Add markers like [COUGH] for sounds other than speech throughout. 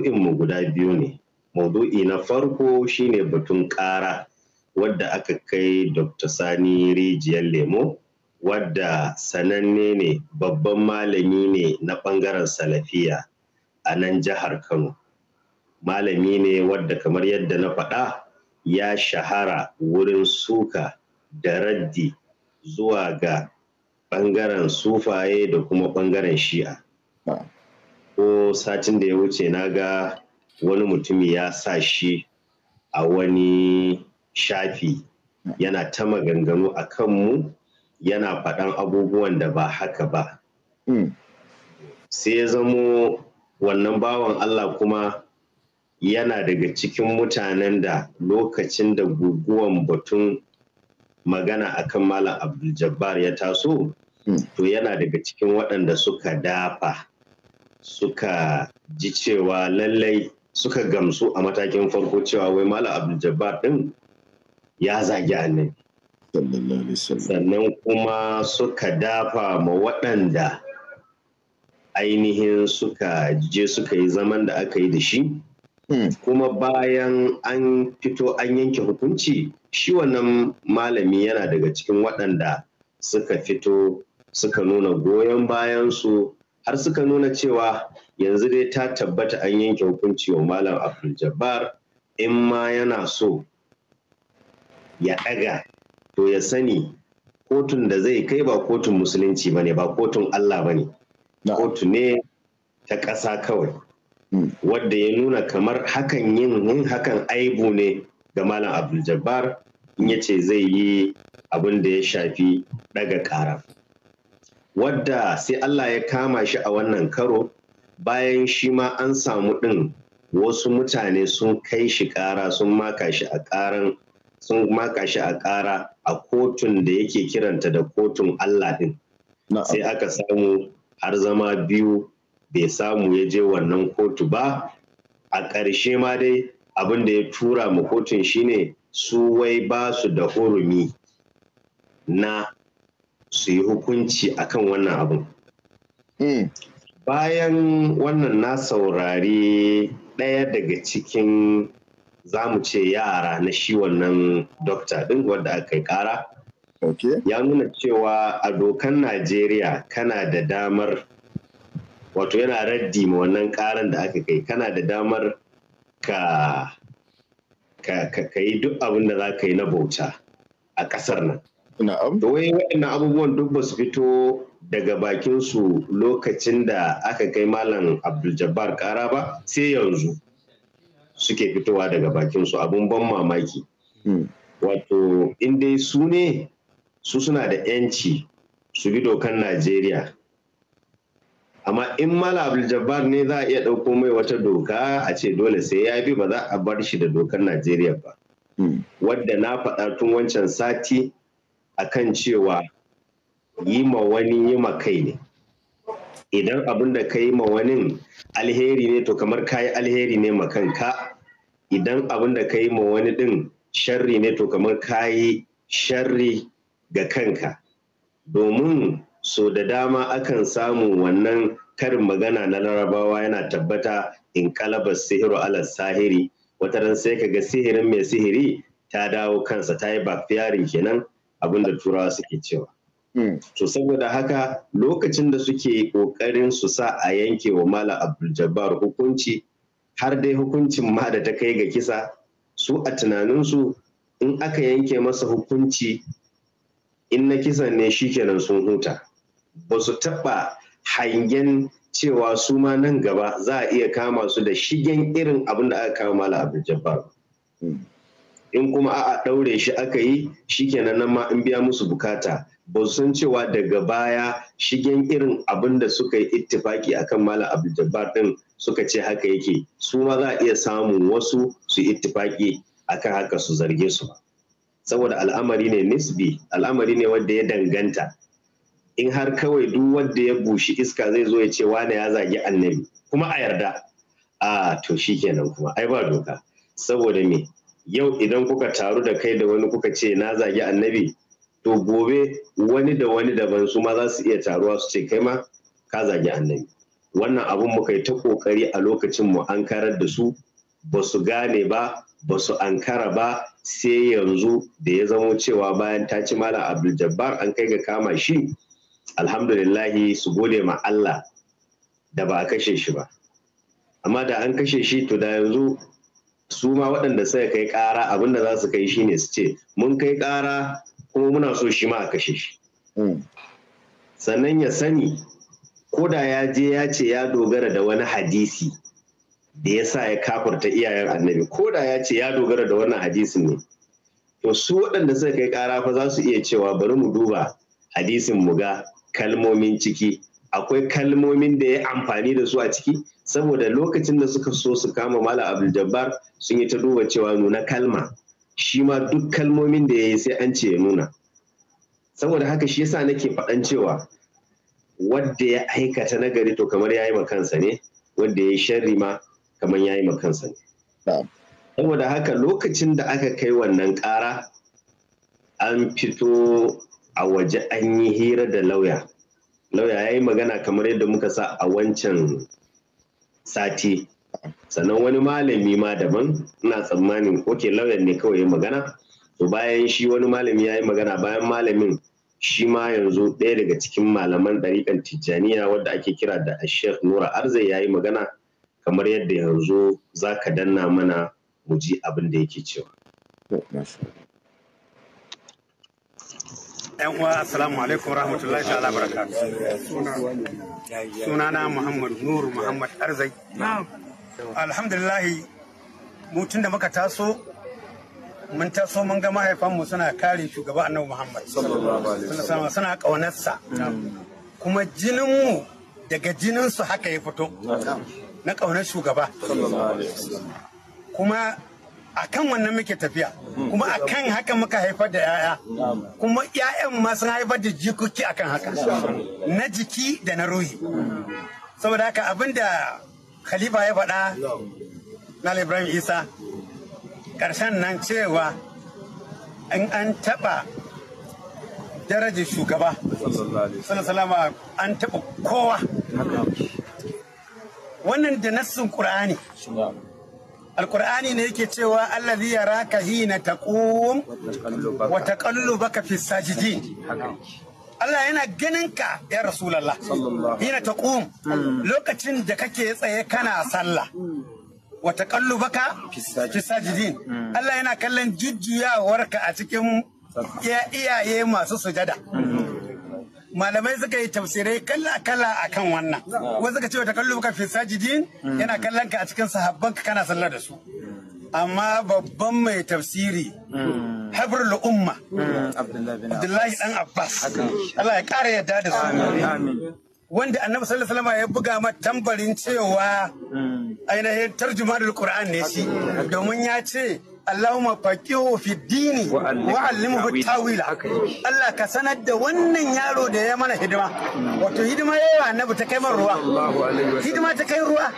mu guda biyu ne. Maudu'i na farko shine batun ƙara wadda aka kai Dr. Sani Rijiyar Lemo wadda sananne ne babban malami ne na ɓangaren salafiya a nan jihar Kano. Malami ne wadda kamar yadda na faɗa ya shahara wurin suka da raddi zuwa ga ɓangaren sufaye da kuma ɓangaren shi'a. ko satin da ya wuce na ga wani mutumi ya sa shi a wani shafi yana ta maganganu a kanmu yana faɗan abubuwan da ba haka ba hmm. sai ya zamo wannan bawan Allah kuma yana daga cikin mutanen da lokacin da guguwan batun magana akan Malam Abdul Jabbar ya taso hmm. to yana daga cikin waɗanda suka dafa suka ji cewa lallai suka gamsu a matakin farko cewa wai mala abdul jabbar din ya zagi annabi sannan kuma suka dafa ma waɗanda ainihin suka je suka yi zaman da aka yi da shi hmm. kuma bayan an fito an yanke hukunci shi wannan malami yana daga cikin waɗanda suka fito suka nuna goyon bayansu har suka nuna cewa yanzu dai ta tabbata an yanke hukunci wa malam abdul jabbar in ma yana so ya ɗaga to ya sani kotun da zai kai ba kotun musulunci ba ne ba kotun allah ba ne kotu ne ta ƙasa kawai hmm. wadda ya nuna kamar hakan yin hakan aibu ne ga malam abdul jabbar in ya ce zai yi abin da ya shafi ɗaga ƙara wadda sai Allah ya kama shi a wannan karo bayan shi ma an samu ɗin wasu mutane sun kai shi ƙara sun maka shi a ƙaran sun maka shi a ƙara a kotun da yake kiranta da kotun Allah ɗin sai aka samu har zama biyu bai samu ya je wannan kotu ba a ƙarshe ma dai abin da ya tura mu kotun shine su wai ba su da hurumi na su yi hukunci akan wannan abin. Hmm. Bayan wannan na saurari ɗaya daga cikin zamu ce yara na shi wannan dokta ɗin wadda aka yi ƙara. Ya nuna cewa a dokan Najeriya kana da damar wato yana raddi ma wannan ƙaran da aka kai kana da damar ka ka, ka yi duk abin da za ka yi na bauta a ƙasar nan. Na'am. Wai waɗannan abubuwan duk ba su fito daga bakinsu lokacin da aka kai Malam Abdul-Jabbar ƙara ba sai yanzu suke fitowa daga bakinsu abun ban mamaki. Hmm. Wato, in dai su ne su suna da 'yanci su bi dokan Najeriya. Amma in Malam abdul ne za a iya ɗauko mai wata doka a ce dole sai ya bi ba za a bar shi da dokar Najeriya ba. Hmm. Wadda na faɗa tun wancan sati. a kan cewa yi ma wani yi ma kai ne idan abin da ka yi ma wani alheri ne to kamar ka yi alheri ne ma kanka idan abin da ka yi ma wani din sharri ne to kamar ka yi sharri ga kanka domin so da dama akan samu wannan karin magana na larabawa yana tabbata in kalabar sihiru ala sahiri wata ran sai ka ga sihirin mai sihiri ta dawo kansa ta yi bafiyarin kenan abin da turawa suke cewa hmm. to saboda haka lokacin da suke ƙoƙarin su sa a yanke wa malam abdul jabbar hukunci har dai hukuncin ma da ta kai ga kisa su a tunaninsu in aka yanke masa hukunci in na kisan ne shikenan sun huta ba su taɓa hangen cewa su ma nan gaba za a iya kama su da shigen irin abin da aka kama malam abdul jabbar hmm. in kuma a ɗaure shi aka yi shi shikenan nan ma in biya musu bukata ba su san cewa daga baya shigen irin abin da suka yi ittifaki akan malam abdul ɗin suka ce haka yake su ma za a iya samun wasu su ittifaki akan haka su zarge su ba saboda al'amari ne nisbi al'amari ne wanda ya danganta in har kawai duk wanda ya bushi iska zai zo ya ce wane ya zagi annabi kuma a yarda a to shikenan kuma ai ba doka saboda me yau idan kuka taru da kai da wani kuka ce na zagi annabi to gobe wani da wani daban su ma za su iya taruwa su ce kai ma ka zagi annabi wannan abun muka yi ta kokari a lokacin mu an karar da su ba su gane ba ba su ankara ba sai yanzu da ya zamo cewa bayan ta ci malam abdul an kai ga kama shi alhamdulillahi su gode ma Allah da ba a kashe shi ba amma da an kashe shi to da yanzu su ma waɗanda suka kai ƙara abinda za su kai shine su ce mun kai ƙara kuma muna so shi ma a kashe shi hmm. sannan ya sani ko da ya je ya ce ya dogara da wani hadisi da ya sa ya kafurta iyayen annabi ko da ya ce ya dogara da wannan hadisin ne to su waɗanda suka kai ƙara fa za su iya cewa bari mu duba hadisin mu ga kalmomin ciki akwai kalmomin da ya amfani da su a ciki saboda lokacin da suka so su kama mala abdul sun yi ta duba cewa nuna kalma shi ma duk kalmomin da ya yi sai an ce ya nuna saboda haka shi yasa nake faɗan cewa wadda ya aikata nagari to kamar ya yi kansa ne wadda ya yi sharri ma kamar ya yi kansa ne saboda haka lokacin da aka kai wannan ƙara an fito a waje an yi hira da lauya lauya ya yi magana kamar yadda muka sa a wancan sati sannan wani malami ma daban ina tsammanin ok lauyan ne kawai magana to bayan shi wani malami ya yi magana bayan malamin shi ma yanzu ɗaya daga cikin malaman ɗariƙan tijjaniya wadda ake kira da ashef nura arzai ya yi magana kamar yadda yanzu za ka danna mana mu ji abin da yake cewa. yan uwa assalamu alaikum rahmatullahi ta'ala barakatuh na muhammad nur muhammad arzai alhamdulillahi mu da muka taso mun taso mun ga mahaifanmu suna kare shugaba annabi muhammad suna kaunarsa kuma jininmu daga jinin su haka ya fito na ƙaunar shugaba kuma a kan wannan muke tafiya kuma a kan haka muka haifar da yaya kuma yayan ma sun haifar da jikoki a kan haka na jiki da na ruhi saboda haka abinda khalifa ya faɗa na ibrahim isa ƙarshen nan cewa in an taɓa darajar shugaba salama an taɓa kowa wannan da nassin ƙur'ani alkur'ani ne yake cewa allazi yaraka hina taqum wa taqallubaka fi sajidin Allah yana ganin ka ya rasulullah hina taqum mm. lokacin da kake tsaye kana sallah wa taqallubaka fi sajidin mm. Allah yana kallon jujjuyawarka a cikin iyaye masu sujada mm-hmm. malamai suka yi tafsirai kala kala kan wannan wasu ka ce wata kallo ka fi sajidin mm. yana kallon ka a cikin sahabban ka kana sallar da su amma babban mai tafsiri mm. habrul umma mm, abdullahi dan abbas Allah ya kara yadda da su wanda annabi sallallahu alaihi wasallam ya buga ma tambarin cewa ainihin da qur'an ne shi domin ya ce Allahumma faqihu fi dini wa allimhu tawila Allah ka sanar wannan yaro da ya mana hidima wato hidima yayi wa annabi ta kai man ruwa hidima ta kai ruwa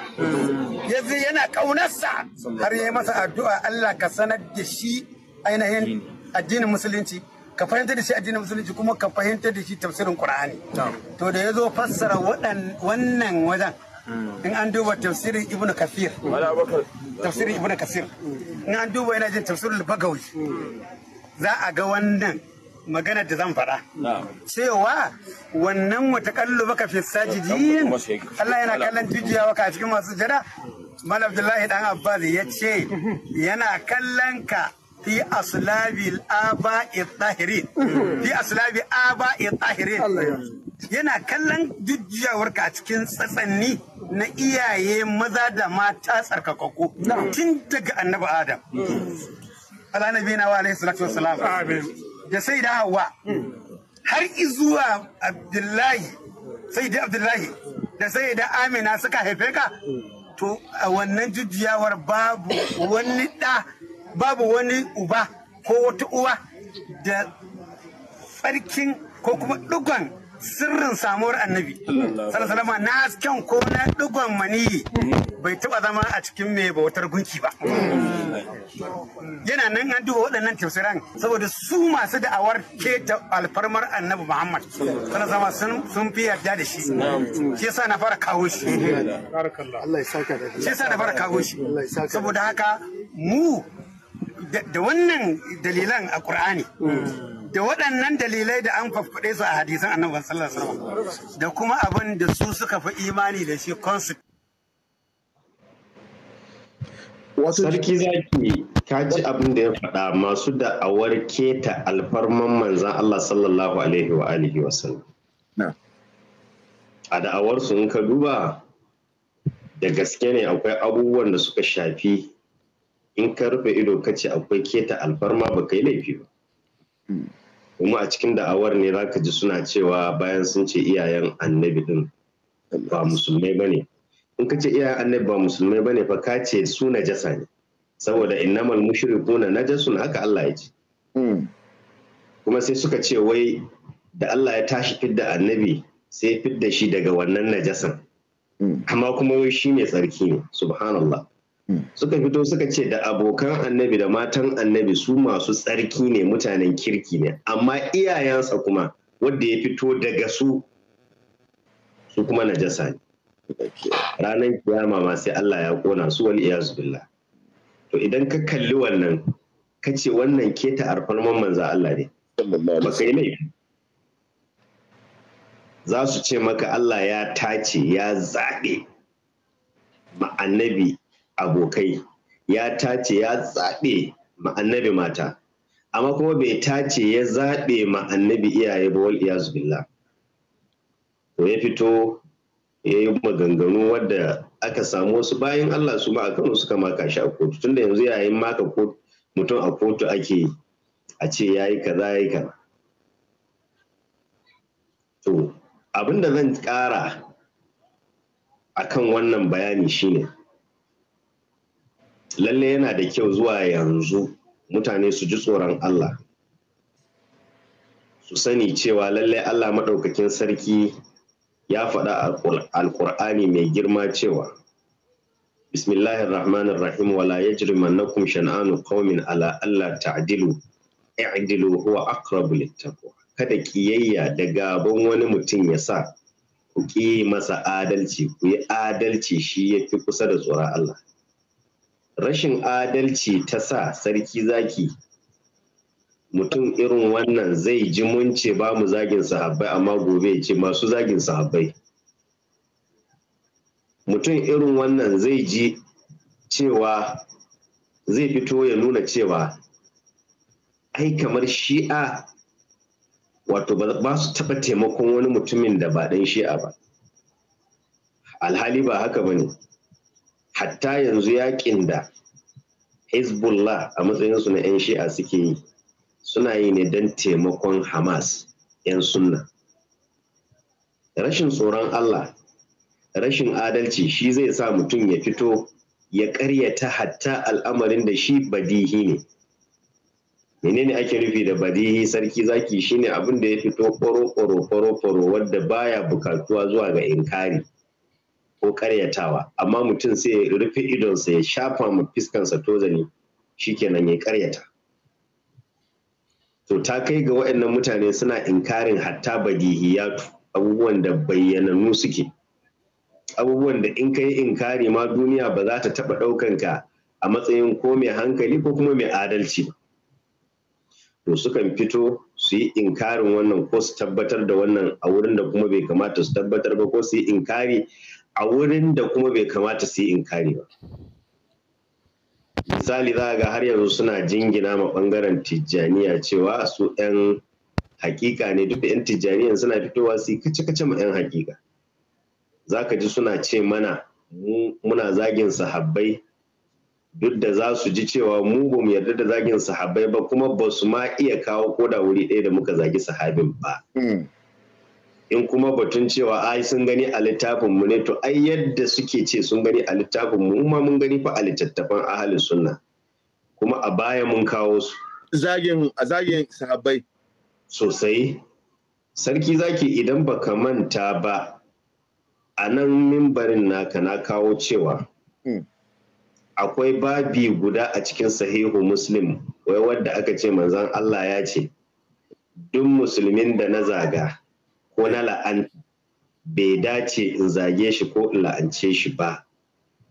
yanzu yana kaunarsa har yayi masa addu'a Allah ka sanar da shi ainihin addinin musulunci ka fahimtar da shi addinin musulunci kuma ka fahimtar da shi tafsirin Qur'ani to da yazo fassara wannan wajen in an duba tafsirin ibn kafir tafsirin ibn kasir in an duba yana jin tafsirin bagawi za a ga wannan magana da zan fara. Cewa wannan wata kallo baka fi sajidin Allah yana kallon jijiya waka a cikin masu jada. Mal Abdullahi dan Abbas ya ce yana kallon ka fi aslabi aba'i tahirin fi yana kallon jujjuyawarka a cikin tsatsanni na iyaye maza da mata tsarkakakku tun daga annabi adam alanabi na wa alaihi salatu wassalam da sai da hawa hmm. har izuwa abdullahi abdullahi da sai amina suka haife ka to a wannan jujjuyawar babu wani ɗa. babu wani uba ko wata uwa da farkin ko kuma dugon sirrin samuwar annabi salama na hasken ko na dugon maniyi bai taba zama a cikin mai bautar gunki ba yana nan an duba waɗannan tausiran saboda su masu da'awar keta alfarmar annabi muhammad salama sun fi yarda da shi shi yasa na fara kawo shi shi yasa na fara kawo shi saboda haka mu da wannan dalilan a ƙur'ani, da waɗannan dalilai da an faffaɗe su a hadisan annabi sallallahu alaihi wasallam da kuma abin da su suka fi imani da shi concept wasu sarki zaki ka ji abin da ya faɗa masu da'awar keta alfarman manzan Allah sallallahu alaihi wa alihi wa a da'awar in ka duba da gaske ne akwai abubuwan da suka shafi in ka rufe ido ka ce akwai keta alfarma ba kai laifi ba kuma a cikin da'awar ne zaka ji suna cewa bayan sun ce iyayen annabi din ba musulmai ba ne in ka ce iyayen annabi ba musulmai ba ne fa ka ce su najasa ne saboda innamal mushrikuna najasun haka Allah ya ce kuma sai suka ce wai da Allah ya tashi fidda annabi sai ya fidda shi daga wannan najasan amma kuma wai shi mai tsarki ne subhanallah suka fito suka ce da abokan annabi da matan annabi su masu tsarki ne mutanen kirki ne amma iyayensa kuma wadda ya fito daga su su kuma na jasa ne ranar kiyama ma sai Allah ya kona su wani iya zubilla to idan ka kalli wannan ka ce wannan keta arfan manza Allah ne yi laifi za su ce maka Allah ya tace ya zaɓe ma annabi abokai ya tace ya zaɓe ma annabi mata amma kuma bai tace ya zaɓe ma annabi iyaye ba wal iyazu billah ya fito ya yi maganganu wadda aka samu wasu bayan Allah su ma a Kano suka maka shi a kotu tunda yanzu yayin maka mutum a kotu ake a ce ya yi kaza ya yi kaza to abin da zan kara akan wannan bayani shine lalle yana da kyau zuwa yanzu mutane su ji tsoron Allah su sani cewa lalle Allah maɗaukakin sarki ya faɗa alƙur'ani mai girma cewa bismillahir rahmanir rahim wala yajrimannakum shan'anu qaumin ala allah ta'dilu i'dilu huwa aqrabu littaqwa kada kiyayya da gaban wani mutum ya sa ku ki masa adalci ku yi adalci shi yafi kusa da tsoron Allah rashin adalci ta sa sarki zaki mutum irin wannan zai ji mun ce ba mu zagin sahabbai amma gobe ya ce masu zagin sahabbai mutum irin wannan zai ji cewa zai fito ya nuna cewa ai kamar shi'a wato ba su taɓa taimakon wani mutumin da ba dan shi'a ba alhali ba haka ba ne hatta yanzu yakin da hezbollah a matsayinsu na 'yan shi'a suke yi suna yi ne don taimakon hamas 'yan sunna rashin tsoron allah rashin adalci shi zai sa mutum ya fito ya karyata hatta al'amarin da shi badihi ne menene ake rufi da badihi sarki zaki shine abin da ya fito kwaro-kwaro-kwaro wadda baya bukatuwa zuwa ga inkari ko karyatawa amma mutum sai ya rufe idonsa ya shafa ma fiskansa tozani shikenan ya karyata to ta kai ga waɗannan mutane suna inkarin hatta badihiyatu abubuwan da bayyananu suke abubuwan da in kai inkari ma duniya ba za ta taɓa ɗaukanka a matsayin ko mai hankali ko kuma mai adalci to sukan fito su yi inkarin wannan ko su tabbatar da wannan a wurin da kuma bai kamata su tabbatar ba ko su yi inkari a wurin da kuma bai kamata su yi kare ba misali za ga har yanzu suna jingina ma bangaren tijjaniya cewa su 'yan hakika ne duk da 'yan tijjaniyan suna fitowa su yi kace-kace ma 'yan hakika za ka ji suna ce mana muna zagin sahabbai duk da za su ji cewa mu ba mu yarda da zagin sahabbai ba kuma ba su ma iya kawo koda wuri ɗaya da muka zagi sahabin ba hmm. in kuma batun cewa ai sun gani a littafin ne to ai yadda suke ce sun gani a littafin mu ma mun gani fa a littattafan ahalin sunna kuma a baya mun kawo su zagin zagin sahabbai sosai sarki zaki idan baka manta ba a nan mimbarin naka na kawo cewa hmm. akwai babi guda a cikin sahihu muslim wai wadda aka ce manzan Allah ya ce duk musulmin da na zaga ko na la'anta bai dace in zage shi ko in la'ance shi ba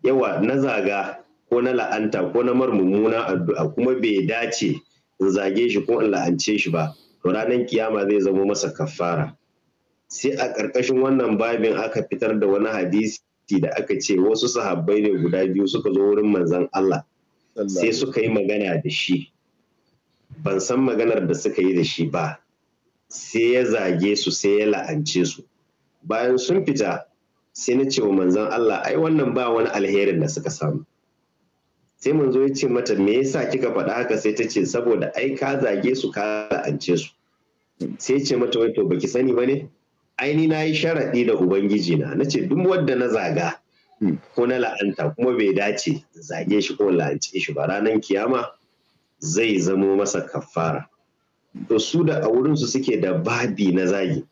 yawa na zaga ko na la'anta ko na marmumuna addu'a kuma bai dace in zage shi ko in la'ance shi ba to ranar kiyama zai zama masa kafara sai a ƙarƙashin wannan babin aka fitar da wani hadisi da aka ce wasu sahabbai ne guda biyu suka zo wurin manzan Allah sai suka yi magana da shi ban san maganar da suka yi da shi ba sai ya zage su sai ya la'ance su bayan sun fita sai na ce wa manzon Allah ai wannan ba wani alherin da suka samu sai manzo ya ce mata me yasa kika faɗa haka sai ta ce saboda ai ka zage su ka la'ance su sai ce mata wai to baki sani ba ne ni na yi sharaɗi da ubangiji na na ce duk wanda na zaga ko na la'anta kuma bai dace zage shi ko la'ance shi ba ranar kiyama zai zamo masa kafara to su da a wurinsu suke da babi na zagi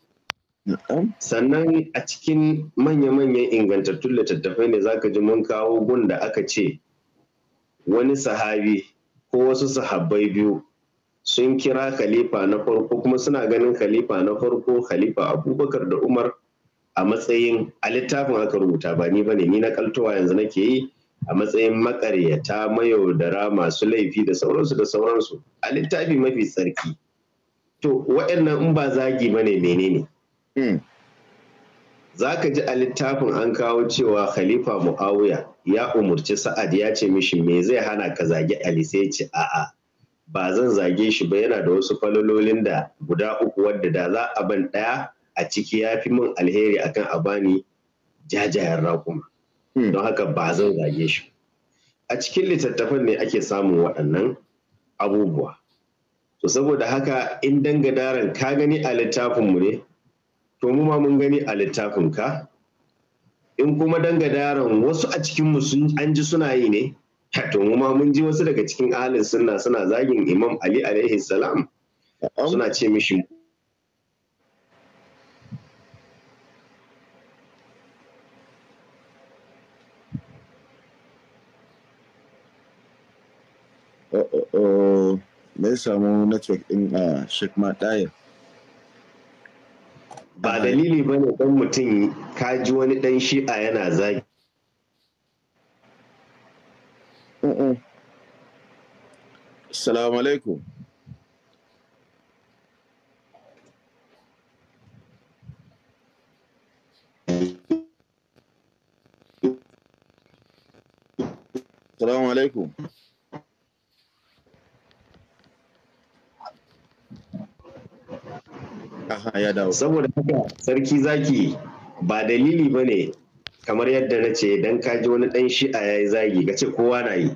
sannan a cikin manya-manyan ingantattun littattafai ne zaka ji mun kawo gun da aka ce wani sahabi ko wasu sahabbai biyu sun kira khalifa na farko kuma suna ganin khalifa na farko khalifa abubakar da umar a matsayin a littafin aka rubuta ba ni ba ne, ni na kaltowa yanzu nake yi a matsayin makaryata mayaudara masu laifi da sauransu da sauransu a littafi mafi tsarki to waɗannan in ba zagi ba ne menene hmm. za ka ji a littafin an kawo cewa khalifa mu'awiya ya umarci sa'ad ya ce mishi me zai hana ka zagi ali sai ce a'a ba zan zage shi ba yana da wasu falololin da guda uku wadda da za a ban ɗaya a ciki ya fi min alheri akan a bani jajayen raƙuma hmm. don haka ba zan zage shi a cikin littattafan ne ake samun waɗannan abubuwa to saboda haka in dangadaran ka gani a littafinmu ne to mu ma mun gani a littafin ka in kuma dangadaran wasu a cikinmu sun an ji suna yi ne to mu ma mun ji wasu daga cikin ahalin sunna suna zagin imam ali alaihi salam suna ce mishi me ya samu network din a shekma ɗayan ba dalili ba ne ɗan mutum ka ji wani ɗan shi'a yana zagi Salamu alaikum. Assalamu alaikum. saboda haka sarki zaki ba dalili ba ne kamar yadda na ce don kaji wani ɗan shi'a ya yi zagi ga ce kowa na yi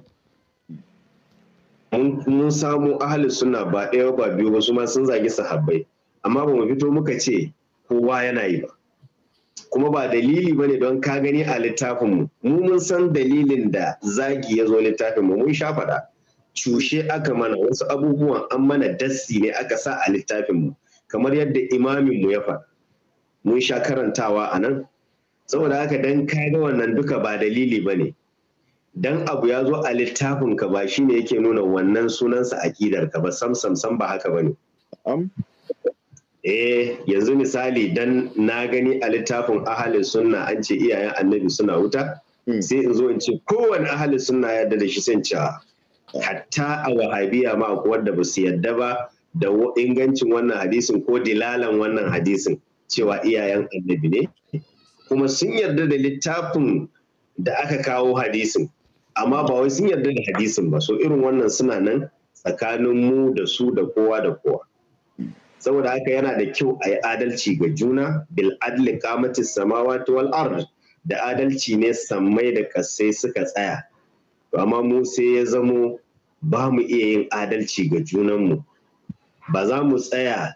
mun samu ahalin suna ba ɗaya ba biyu wasu ma sun zagi sahabbai amma ba mu fito muka ce kowa yana yi ba kuma ba dalili ba ne don ka gani a littafinmu mu mun san dalilin da zagi ya zo littafinmu mun sha faɗa cushe aka mana wasu abubuwan an mana dasi ne aka sa a littafinmu kamar yadda imamin mu ya faɗa mun sha karantawa a nan saboda haka dan ka ga wannan duka ba dalili ba ne dan abu ya zo a littafin ka ba shine yake nuna wannan sunansa akidar ka ba sam sam sam ba haka bane am eh yanzu misali dan na gani a littafin ahalin sunna an ce iyayen annabi suna wuta hmm. sai in zo in ce kowane ahalin sunna ya yarda da shi sai hatta a wahabiya ma akwai wanda ba su yarda ba da ingancin wannan hadisin ko dilalan wannan hadisin cewa iyayen annabi ne kuma sun yarda da littafin da aka kawo hadisin amma ba wai sun yarda da hadisin ba so irin wannan suna nan tsakanin mu da su da kowa da kowa saboda haka yana da kyau a yi adalci ga juna bil adli kamati samawati wal ard da adalci ne sammai da kasai suka tsaya to amma mu sai ya zamo ba mu iya yin adalci ga junanmu ba za mu tsaya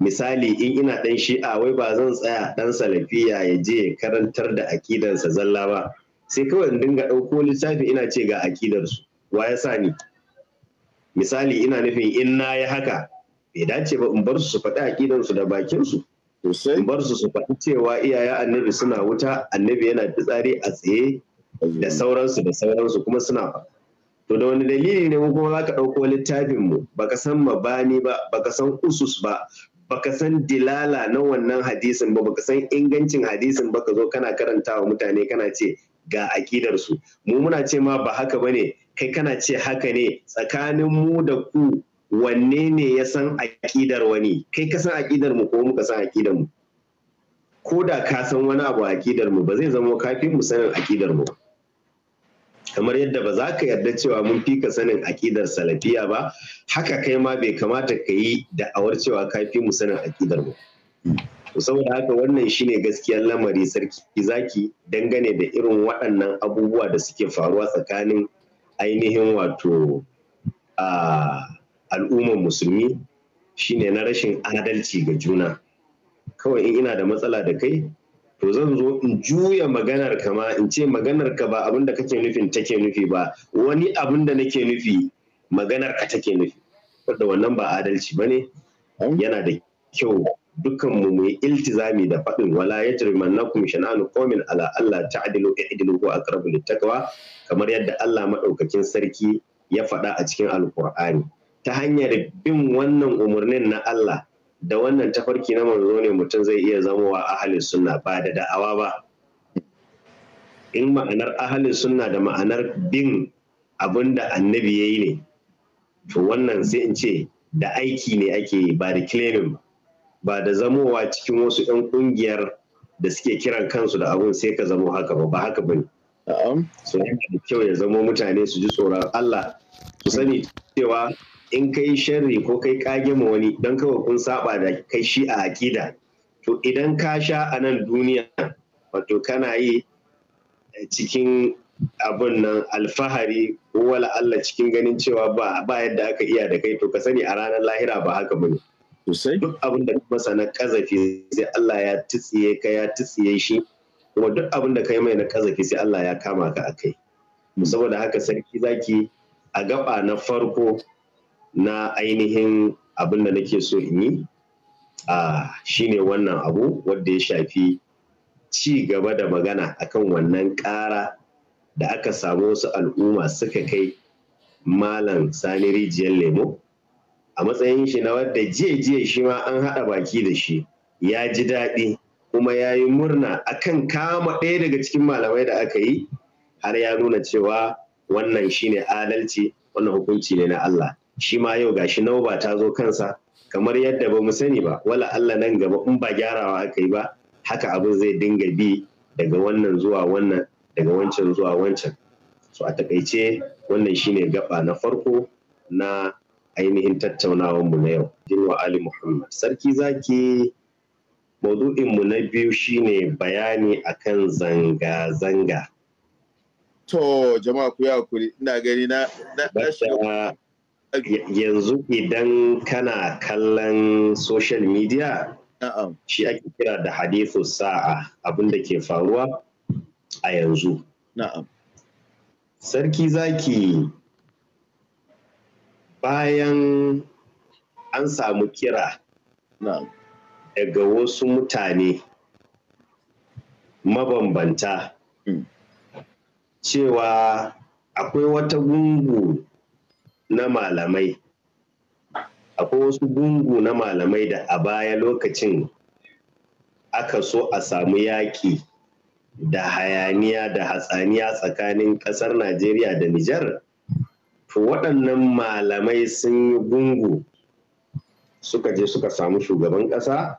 misali in ina ɗan shi'a wai ba zan tsaya ɗan salafiya ya je ya karantar da akidansa zalla ba sai kawai in dinga ɗauko littafi ina ce ga akidarsu wa ya sa ni misali ina nufin in na yi haka bai dace ba in bar su faɗi akidansu da bakinsu in bar su faɗi cewa iyaye annabi suna wuta annabi yana fitsari a tsaye da sauransu da sauransu kuma suna faɗa to da wani dalili ne ko za ka ɗauko littafin mu baka san mabani ba baka san usus ba baka san dilala na wannan hadisin ba baka san ingancin hadisin ba ka zo kana karanta wa mutane kana ce ga akidar su mu muna ce ma ba haka ba ne kai kana ce haka ne tsakanin mu da ku wanne ne ya san aƙidar wani kai ka san aƙidar mu ko muka san aƙidar mu ko da ka san wani abu aƙidar mu ba zai zama kafin mu sanin aƙidar mu kamar yadda ba za ka yarda cewa mun fi ka sanin aƙidar salafiya ba haka kai ma bai kamata ka yi da'awar cewa ka fi mu sanin aƙidar mu saboda haka wannan shine gaskiyar lamari sarki zaki dangane da irin waɗannan abubuwa da suke faruwa tsakanin ainihin wato al'ummar musulmi shine na rashin adalci ga juna kawai in ina da matsala da kai to zan zo in juya maganar ka ma in ce maganar ka ba abin da kake nufin take nufi ba wani abin da nake nufi maganar ka take nufi wadda wannan ba adalci bane yana da kyau dukkan mu mu iltizami da faɗin wala yajrimannakum shana'anu qawmin ala Allah ta'dilu i'dilu huwa aqrabu littaqwa kamar yadda Allah madaukakin sarki ya faɗa a cikin alkur'ani ta hanyar bin wannan umarnin na Allah da wannan tafarki na manzo ne mutum zai iya zamowa ahalin sunna ba da da'awa ba in ma'anar ahalin sunna da ma'anar bin abin da annabi ya yi ne to wannan sai in ce da aiki ne ake ba da claiming ba da zamowa cikin wasu 'yan kungiyar da suke kiran kansu da abun sai ka zamo haka ba haka ba ne Su kyau ya zamo mutane su ji tsoron Allah su sani cewa in kai sharri ko kai kage ma wani don kawai kun saba da kai shi a akida to idan ka sha a nan duniya wato kana yi cikin abin nan alfahari ko wala Allah cikin ganin cewa ba ba yadda aka iya da kai to ka sani a ranar lahira ba haka bane sosai duk abin da masa na kazafi sai Allah ya tsiye ka ya tsiye shi kuma duk abin da kai mai na kazafi sai Allah ya kama ka akai hmm. saboda haka sarki zaki a gaba na farko na ainihin abin da nake so in yi uh, shine wannan abu wadda ya shafi ci gaba da magana akan wannan ƙara da aka samu wasu al'umma suka kai malam sani rijiyar lemo a matsayin shi na wadda jiya-jiya shi ma an haɗa baki da shi ya ji daɗi kuma ya yi murna akan kama ɗaya daga cikin malamai da aka yi har ya nuna cewa wannan shine adalci wannan hukunci ne na Allah shi ma yau gashi nauba ta zo kansa kamar yadda ba mu sani ba wala Allah nan gaba in ba gyarawa aka yi ba haka abin zai dinga bi daga wannan zuwa wannan daga wancan zuwa wancan so a takaice wannan shine gaba na farko na ainihin tattaunawar mu na yau dinwa ali muhammad sarki zaki maudu'in mu na biyu shine bayani akan zanga zanga to jama'a ku ya ina gani na na yanzu idan kana kallon social media shi ake kira da hadithu sa'a abin da ke faruwa a yanzu sarki zaki bayan an samu kira daga wasu mutane mabambanta mm. cewa akwai wata gungu na malamai akwai wasu gungu na malamai da a baya lokacin aka so a samu yaƙi da hayaniya da hatsaniya tsakanin ƙasar najeriya da nijar to waɗannan malamai sun yi gungu suka je suka samu shugaban ƙasa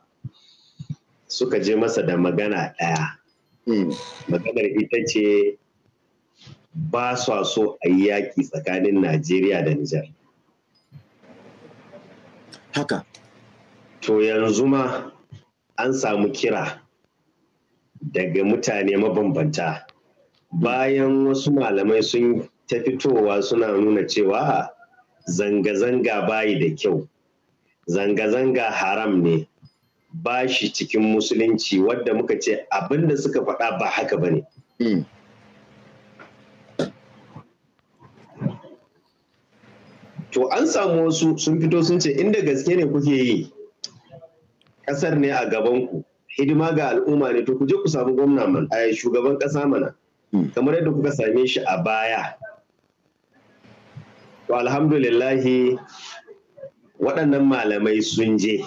suka je masa da magana ɗaya hmm. maganar ita ce ba sa so a yi yaƙi tsakanin Najeriya da Nijar. Haka. To yanzu ma an samu kira daga mutane mabambanta bayan wasu malamai sun ta fitowa suna nuna cewa zanga-zanga bayi da kyau zanga-zanga haram ne ba shi cikin musulunci wadda muka ce abinda suka faɗa ba haka ba ne mm. to an samu wasu sun fito sun ce inda gaske ne kuke yi ƙasar ne a gabanku hidima ga al'umma ne to ku je ku samu gwamna mana eh, shugaban ƙasa mana hmm. kamar yadda kuka same shi a baya to alhamdulillahi waɗannan malamai sun je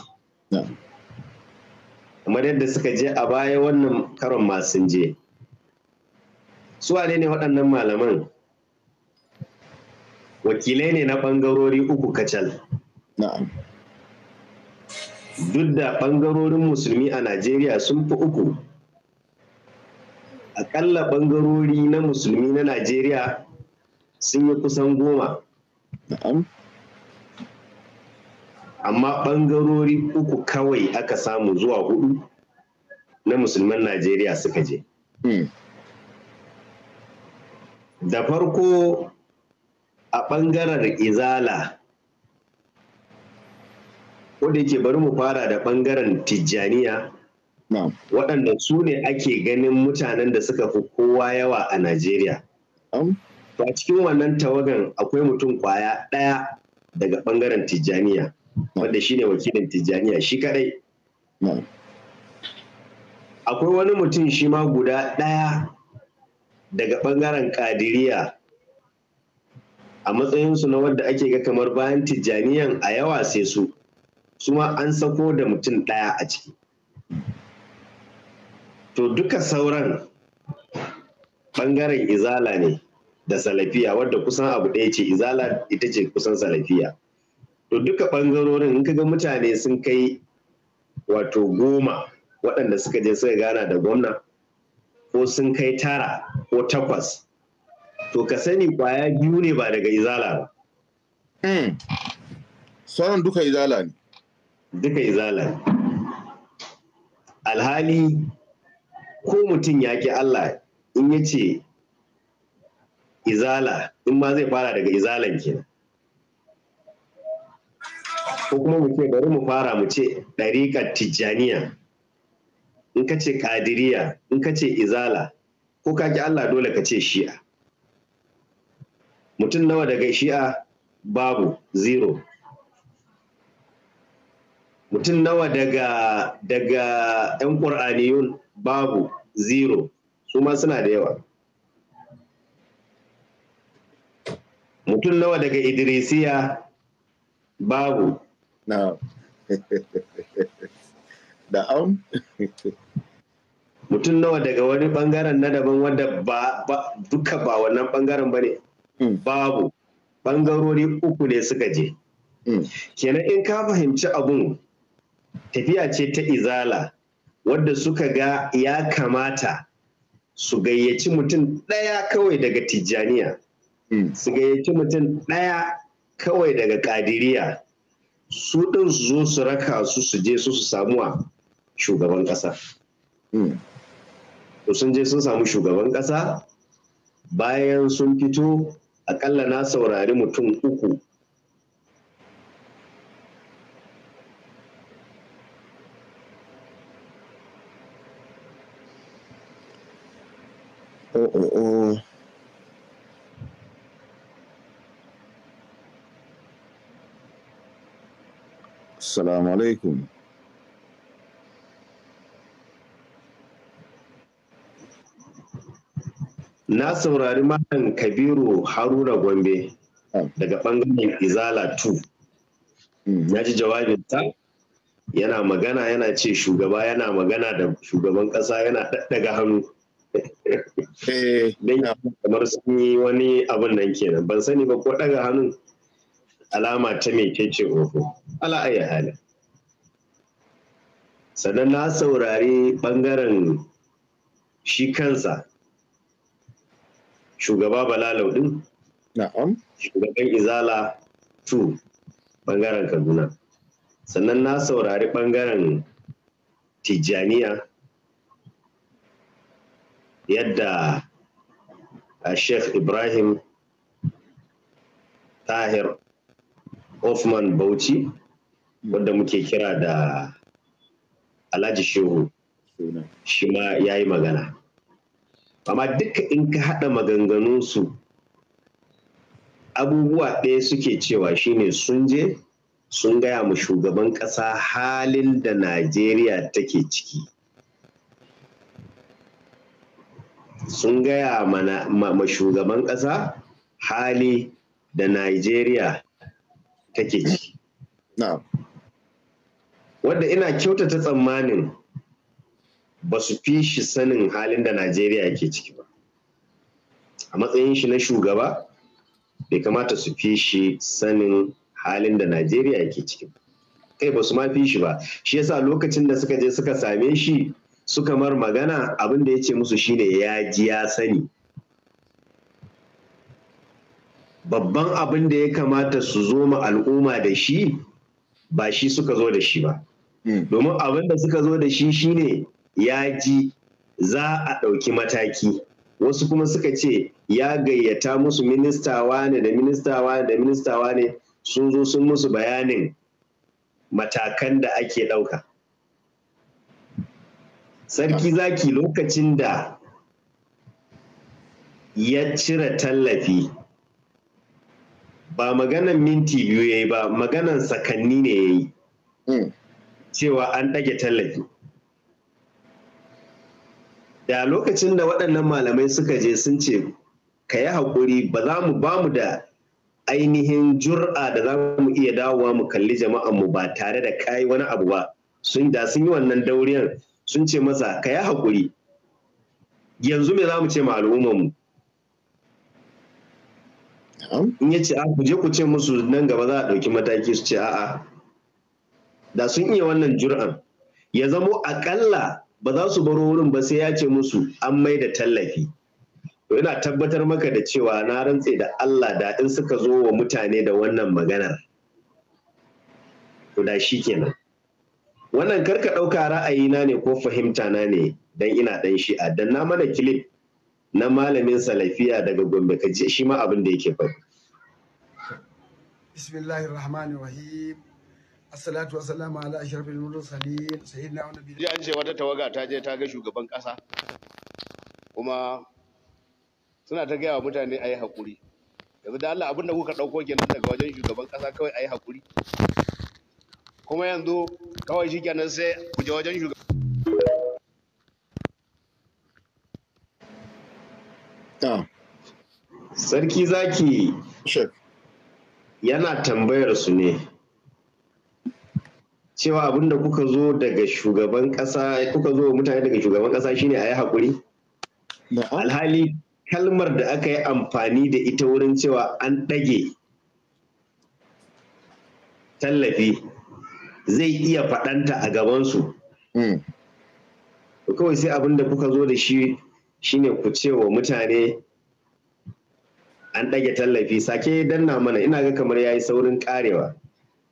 kamar yadda suka je a baya wannan karon masu je su ne waɗannan malaman wakilai ne na ɓangarori uku kacal duk da ɓangarorin musulmi a najeriya sun fi uku aƙalla ɓangarori na musulmi na najeriya sun yi kusan goma amma ɓangarori uku kawai aka samu zuwa hudu na musulman najeriya suka je hmm. da farko a ɓangaren izala wanda yake bari mu fara da ɓangaren tijjaniya waɗanda su ne ake ganin mutanen da suka fi kowa yawa a najeriya a cikin wannan tawagan akwai mutum kwaya ɗaya daga ɓangaren tijjaniya wanda shi ne wakilin tijjaniya shi kadai akwai wani mutum shi ma guda ɗaya daga ɓangaren kadiriya a matsayin su na wadda ake ga kamar bayan tijjaniyan a yawa sai su su ma an sako da mutum ɗaya a ciki to duka sauran bangaren izala ne da salafiya wadda kusan abu ɗaya ce izala ita ce kusan salafiya to duka ɓangarorin in kaga mutane sun kai wato goma waɗanda suka je suka gana da gwamna ko sun kai tara ko takwas to ka sani kwaya biyu ne ba daga izala ba hmm. sauran duka izala ne duka izala ne alhali ko mutum ya ki Allah in ya ce izala in ma zai fara daga izalan kenan ko kuma mu ce bari mu fara mu ce ɗariƙar tijjaniya in ka ce ƙadiriya in ka ce izala ko ka ki Allah dole ka ce shi'a mutum nawa daga shi'a babu zero mutum nawa daga daga 'yan ƙur'aniyun babu zero su ma suna da yawa mutum nawa daga idrisiya babu na da'am [LAUGHS] mutum nawa daga wani bangaren na daban wanda ba duka ba wannan bangaren ba ne Mm. babu bangarori uku ne suka je mm. kenan in ka fahimci abun tafiya ce ta izala wadda suka ga ya kamata su gayyaci mutum ɗaya kawai daga tijjaniya mm. su gayyaci mutum ɗaya kawai daga ƙadiriya su ɗin su zo su raka su su je su su samu a shugaban ƙasa sun je sun samu shugaban ƙasa bayan sun fito akalla na saurari mutum uku oh, Assalamu alaikum. na saurari malam kabiru haruna gombe daga bangaren izala 2 hmm. na ji jawabinsa yana magana yana ce shugaba yana magana da shugaban kasa yana daga hannu eh, [LAUGHS] don kamar sun yi wani abin nan kenan ban sani ba ko daga hannu alama ta mai kece oho ala'ayya hali sannan na saurari bangaren shi kansa shugaba Bala laudin na'am shugaban izala 2 bangaren kaduna sannan na saurari bangaren tijjaniya yadda a sheikh ibrahim tahir hoffman bauchi wadda muke kira da alhaji shehu shi ma ya yi magana amma duka in ka haɗa maganganunsu abubuwa ɗaya suke cewa shine sun je sun gaya mu shugaban ƙasa halin da najeriya take ciki sun gaya ma shugaban ƙasa hali da najeriya take ciki wadda ina kyautata tsammanin ba su fi shi sanin halin da najeriya ke ciki ba a matsayin shi na shugaba bai kamata su fi shi sanin halin da najeriya ke ciki ba kai ba su ma fi shi ba shi yasa lokacin da suka je suka same shi suka mar magana abin da ya ce musu shi ne ya ji ya sani babban abin da ya kamata su zo ma al'umma da shi ba shi suka zo da shi ba hmm. domin abin da suka zo da shi shi ne. ya ji za a ɗauki mataki wasu kuma suka ce ya gayyata musu ministawa ne da ministawa ne da ministawa ne sun zo sun musu bayanin matakan da ake ɗauka sarki zaki lokacin da ya cire tallafi ba maganan minti biyu ya yi ba maganan sakanni ne ya yi hmm. cewa an ɗage tallafi da lokacin da waɗannan malamai suka je sun ce ka yi haƙuri ba za mu ba mu da ainihin jur'a da za mu iya dawowa mu kalli jama'anmu ba tare da yi wani abu ba sun da sun yi wannan dauriyar sun ce masa ka yi haƙuri yanzu me za mu ce mu in ya ce a ah, ku je ku ce musu nan gaba za a ɗauki mataki su ce a'a da sun iya wannan jur'an ya zamo aƙalla ba za su baro wurin ba sai ya ce musu an mai da tallafi to ina tabbatar maka da cewa na rantse da Allah da in suka zo wa mutane da wannan maganar to da shi kenan wannan karka ɗauka ra'ayina ne ko fahimta na ne dan ina dan a? dan na mana clip na malamin salafiya daga gombe kace shi ma abin da yake faɗi bismillahir assalatu wassalamu ala ashrafil mursalin sayyidina wa nabiyina ji an ce wata tawaga ta je ta ga shugaban kasa kuma suna ta gaya wa mutane ayi hakuri yanzu da Allah abinda kuka dauko kenan daga wajen shugaban kasa kawai ayi hakuri kuma yanzu kawai shi kenan sai ku je wajen shugaban Sarki zaki yana tambayar su ne. cewa abin da kuka zo daga shugaban kasa kuka zo mutane daga shugaban kasa shine a yi hakuri alhali kalmar da aka yi amfani da ita wurin cewa an ɗage tallafi zai iya faɗanta a gabansu hmm. kawai sai abin da kuka zo da shi shine ku ce wa mutane an ɗage tallafi sake danna mana ina ga kamar ya yi saurin ƙarewa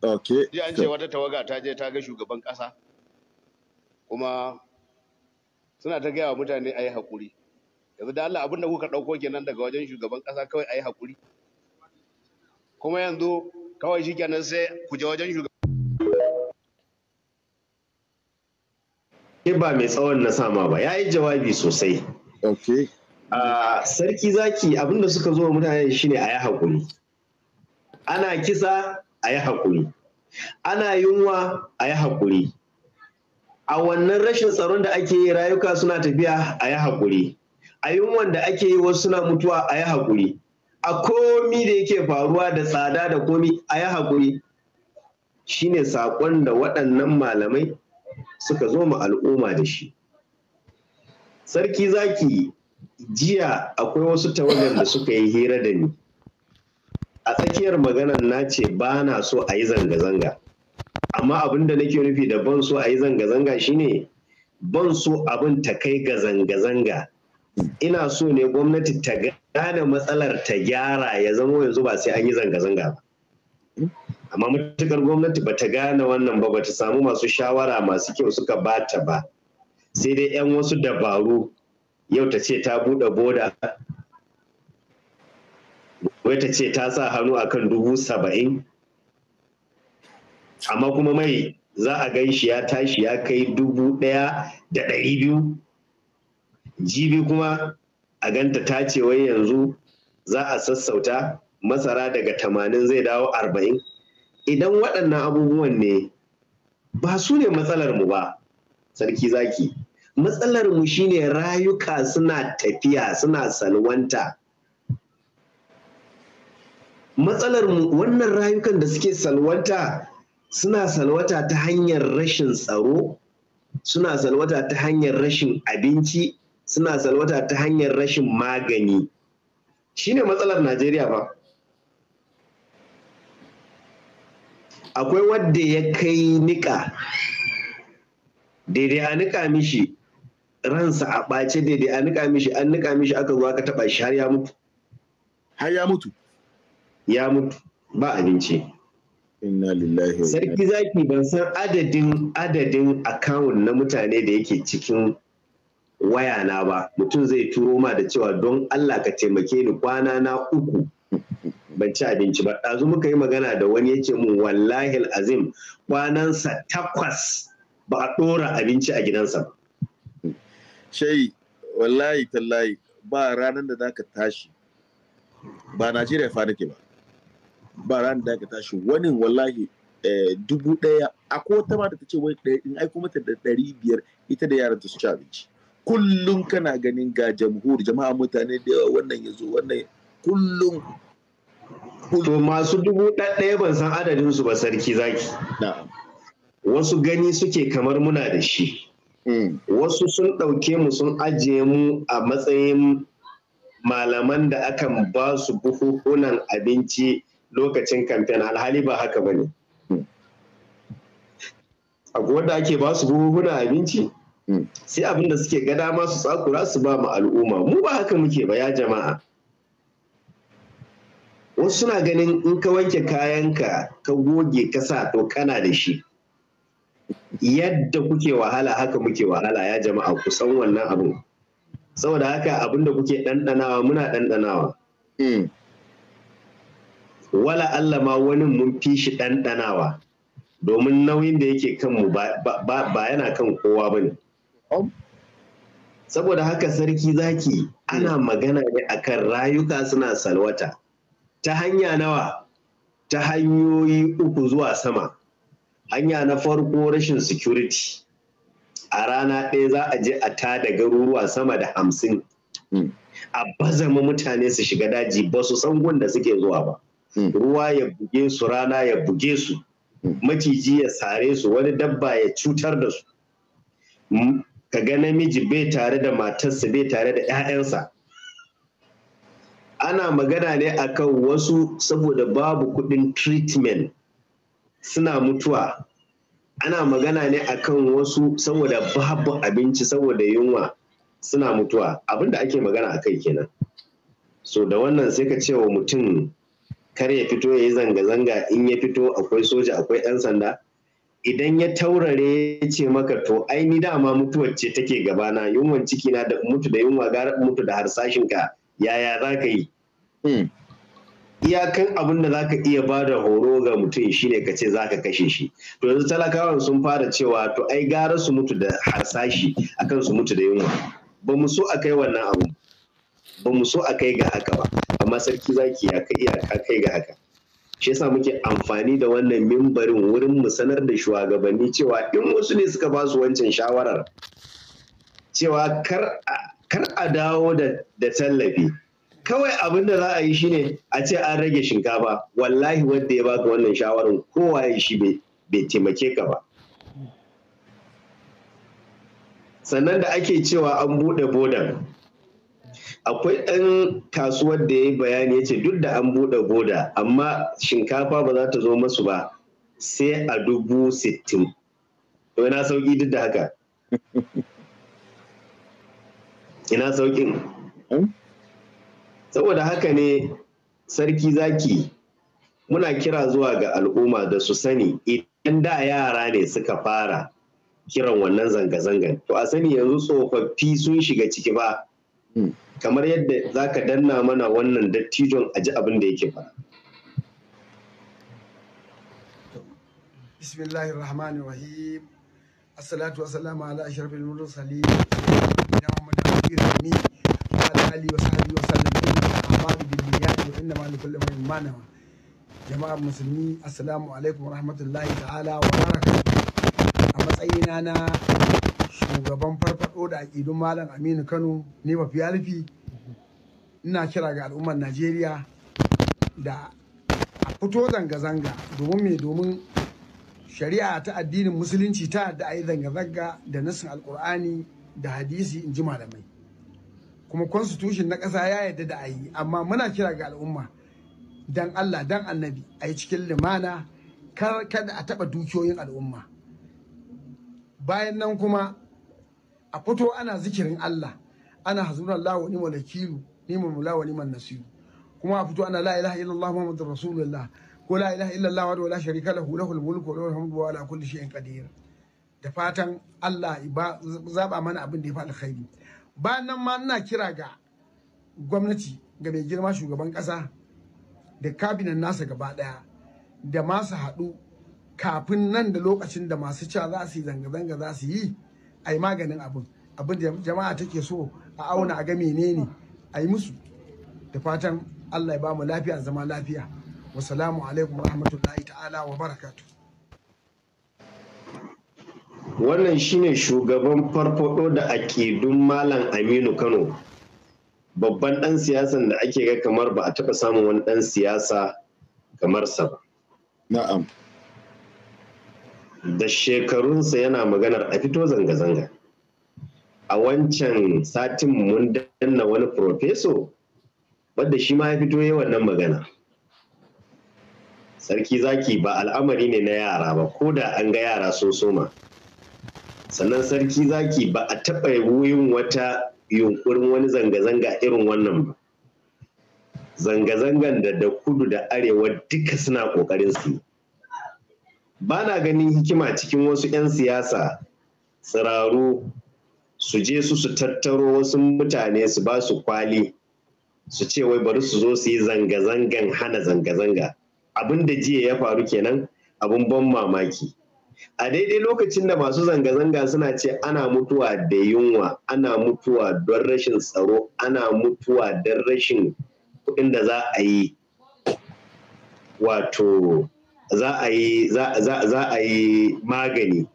Okay. an ce wata tawaga ta je ta ga shugaban kasa kuma suna ta gaya wa mutane a yi haƙuri. Yanzu da Allah abin da kuka ɗauko kenan daga wajen shugaban kasa kawai a yi haƙuri. Kuma yanzu kawai shi kenan sai ku je wajen shugaban ba mai tsawon na sama ba ya yi jawabi sosai. Okay. sarki zaki abinda suka zo mutane shine a yi haƙuri. Ana kisa a yi haƙuri ana yunwa a yi haƙuri a wannan rashin tsaron da ake yi rayuka suna tafiya a yi haƙuri a yunwan da ake yi wasu suna mutuwa a yi haƙuri a komi da yake faruwa da tsada da komi a yi haƙuri shine saƙon da waɗannan malamai suka zo ma al'umma da shi sarki zaki jiya akwai wasu tawagar da suka yi hira da ni a tsakiyar maganar na ce ba na so a yi zanga-zanga amma abin da nake nufi da ban so a yi zanga-zanga shine ban so abin ta kai ga zanga-zanga ina so ne gwamnati ta gane matsalar ta gyara ya zama yanzu ba sai an yi zanga-zanga ba amma matukar gwamnati ba ta gane wannan ba ba ta samu masu shawara masu kyau suka bata ba sai dai 'yan wasu dabaru yau ta ce ta buɗe boda wai ta ce ta sa hannu a kan dubu saba'in amma kuma mai za a gan shi ya tashi ya kai dubu ɗaya da ɗari biyu jibi kuma a ganta ta ce wai yanzu za a sassauta masara daga tamanin zai dawo arba'in idan waɗannan abubuwan ne ba su ne matsalar mu ba sarki zaki matsalar mu shine rayuka suna tafiya suna salwanta matsalar wannan rayukan da suke salwanta suna salwata ta hanyar rashin tsaro suna salwata ta hanyar rashin abinci suna salwata ta hanyar rashin magani shine matsalar najeriya ba akwai wadda ya kai nika daidai a nika mishi ransa a ɓace daidai a nika mishi an nika mishi aka zo aka taɓa shi har ya mutu har ya mutu ya mutu ba abinci sarki zaki ban san adadin adadin akawun na mutane da yake cikin wayana ba mutum zai turo ma da cewa don Allah ka taimake ni kwana na uku ban ci abinci ba ɗazu muka yi magana da wani yake mun wallahi azim kwanansa takwas ba a ɗora abinci a gidansa ba shai wallahi tallahi ba ranar da zaka tashi ba Najeriya fa nake ba baran da ka tashi wani wallahi eh, dubu ɗaya a ko ta mata ta ce wai in aiko mata da ɗari biyar ita da yaran ta su ci abinci kullum kana ganin ga jamhur jama'a mutane da yawa wannan ya zo wannan kullum to masu dubu ɗaya ban san adadin su ba sarki zaki wasu gani suke kamar muna da shi hmm. wasu sun ɗauke mu sun ajiye mu a matsayin malaman da akan ba su buhuhunan abinci lokacin kamfen alhali ba haka ba ne akwai wanda ake ba su buhuhuna abinci hmm. sai abin da suke gada dama su tsakura su ba mu al'umma mu ba haka muke ba ya jama'a wasu suna ganin in ka wanke kayanka ka goge ka sa to kana da shi yadda kuke wahala haka muke wahala ya jama'a ku san wannan abin saboda haka abin da kuke ɗanɗanawa muna ɗanɗanawa hmm. wala Allah ma wani mun fi shi ɗanɗanawa domin nauyin da yake kanmu ba yana kan kowa ba ne. Saboda haka sarki zaki ana magana ne akan rayuka suna salwata ta hanya nawa ta hanyoyi uku zuwa sama. Hanya na farko rashin security a rana ɗaya za a je a ta da garuruwa sama da hamsin. Hmm. a bazama mutane su shiga daji ba su san da suke zuwa ba. Mm. ruwa ya buge su rana ya buge su mm. maciji ya sare su wani dabba ya cutar da su mm, ka ga namiji bai tare da matarsa bai tare da 'ya'yansa ana magana ne akan wasu saboda babu kudin treatment suna mutuwa ana magana ne akan wasu saboda babu abinci saboda yunwa suna mutuwa abinda ake magana akai kenan so da wannan sai ka ce wa mutum kar ya fito ya yi zanga-zanga in ya fito akwai soja akwai 'yan sanda idan ya taurare ya ce maka to ai ni dama mutuwar ce take gabana yunwan ciki na da mutu da yunwa gara mutu da harsashinka yaya za ka yi hmm. iyakan abin da za ka iya ba da horo ga mutum shine ka ce za ka kashe shi to yanzu talakawan sun fara cewa to ai gara su mutu da harsashi akan su mutu da yunwa ba mu so a kai wannan abu ba mu so a kai ga haka ba amma sarki zaki ya kai iyaka kai ga haka shi yasa muke amfani da wannan mimbarin wurin mu sanar da shugabanni cewa in wasu ne suka ba su wancan shawarar cewa kar a dawo da tallafi kawai abin da za a yi shine a ce an rage shinkafa wallahi wanda ya baka wannan shawarar kowa ya shi bai taimake ka ba sannan da ake cewa an buɗe bodan akwai ɗan kasuwar da ya yi bayani ya ce duk da an buɗe boda amma shinkafa ba za ta zo masu ba sai a dubu sittin na sauƙi duk da haka ina sauƙin? Hmm? saboda haka ne sarki zaki muna kira zuwa ga al'umma da su sani idan da yara ne suka fara kiran wannan zanga-zangan to a sani yanzu tsofaffi sun shiga ciki ba hmm. kamar yadda za ka danna mana wannan dattijon a ji abin da yake fara. bismillahir rahmanir rahim assalatu wassalamu ala ashrafil mursalin sayyidina muhammadin amin wa ala alihi wa sahbihi wa sallam amadu bil niyyat wa inna ma likulli imrin ma nawa jama'ar musulmi assalamu alaikum wa rahmatullahi ta'ala wa barakatuh a matsayina na shugaban farfado da aƙidun malam aminu kano ne mafi alfi ina kira ga al'ummar najeriya da a fito zanga-zanga domin mai domin shari'a ta addinin musulunci ta da a yi zanga-zanga da nasin alkur'ani da hadisi in ji malamai kuma constitution na ƙasa ya yarda da a yi amma muna kira ga al'umma dan allah dan annabi a yi cikin limana kada a taɓa dukiyoyin al'umma bayan nan kuma a fito ana zikirin Allah ana hazuran lawa ni wakilu ni mula wa ni nasir kuma a fito ana la ilaha illallah muhammadur rasulullah ko la ilaha illallah wa la sharika lahu lahul mulku wa lahul hamdu wa ala kulli shay'in qadir da fatan Allah zaba mana abin da ya fi alkhairi bayan nan ma ina kira ga gwamnati ga mai girma shugaban kasa da kabinan nasa gaba daya da masu haɗu kafin nan da lokacin da masu cewa za su yi zanga-zanga za su yi a yi maganin abin abin da jama'a take so a auna a ga menene a yi musu da fatan Allah ya ba mu lafiya zama lafiya wasalamu alaikum rahmatullahi ta'ala wa barakatu wannan shine shugaban farfado da aƙidun malam aminu kano babban ɗan siyasan da ake ga kamar ba a taɓa samun wani ɗan siyasa kamar sa ba na'am da shekarunsa yana maganar a fito zanga-zanga a wancan satin mun danna wani profeso wadda shi ma ya fito yi wannan magana sarki zaki ba al'amari ne na yara ba ko da an ga yara sosoma. soma sannan sarki zaki ba a taɓa yin wata yunkurin wani zanga-zanga irin wannan ba zanga-zangan da da kudu da arewa duka suna ƙoƙarin su ba na ganin hikima cikin wasu 'yan siyasa tsiraru su je su su tattaro wasu mutane su ba su kwali su ce wai bari su zo su yi zanga-zangan hana zanga-zanga abin da jiya ya faru kenan abin ban mamaki a daidai lokacin da masu zanga-zanga suna ce ana mutuwa da yunwa ana mutuwa don rashin tsaro ana mutuwa don rashin kuɗin da za a yi wato za a yi magani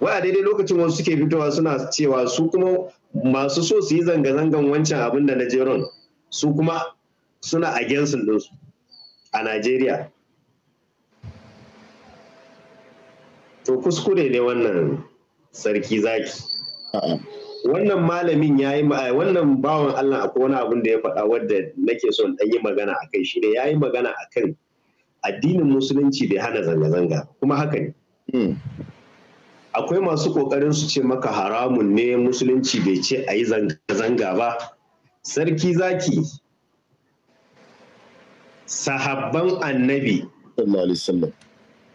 wa daidai lokacin wasu suke fitowa suna cewa su kuma masu so su yi zanga-zangan wancan abin da na jeron su kuma suna a gensin ɗinsu a najeriya to kuskure ne wannan sarki zaki wannan malamin ya yi wannan bawan allah akwai wani abin da ya faɗa wadda nake son ɗanyi magana a kai shi ne ya yi magana a kan addinin musulunci bai hana zanga-zanga kuma haka ne hmm. akwai masu ƙoƙarin su ce maka haramun ne musulunci bai ce a yi zanga-zanga ba sarki zaki sahabban annabi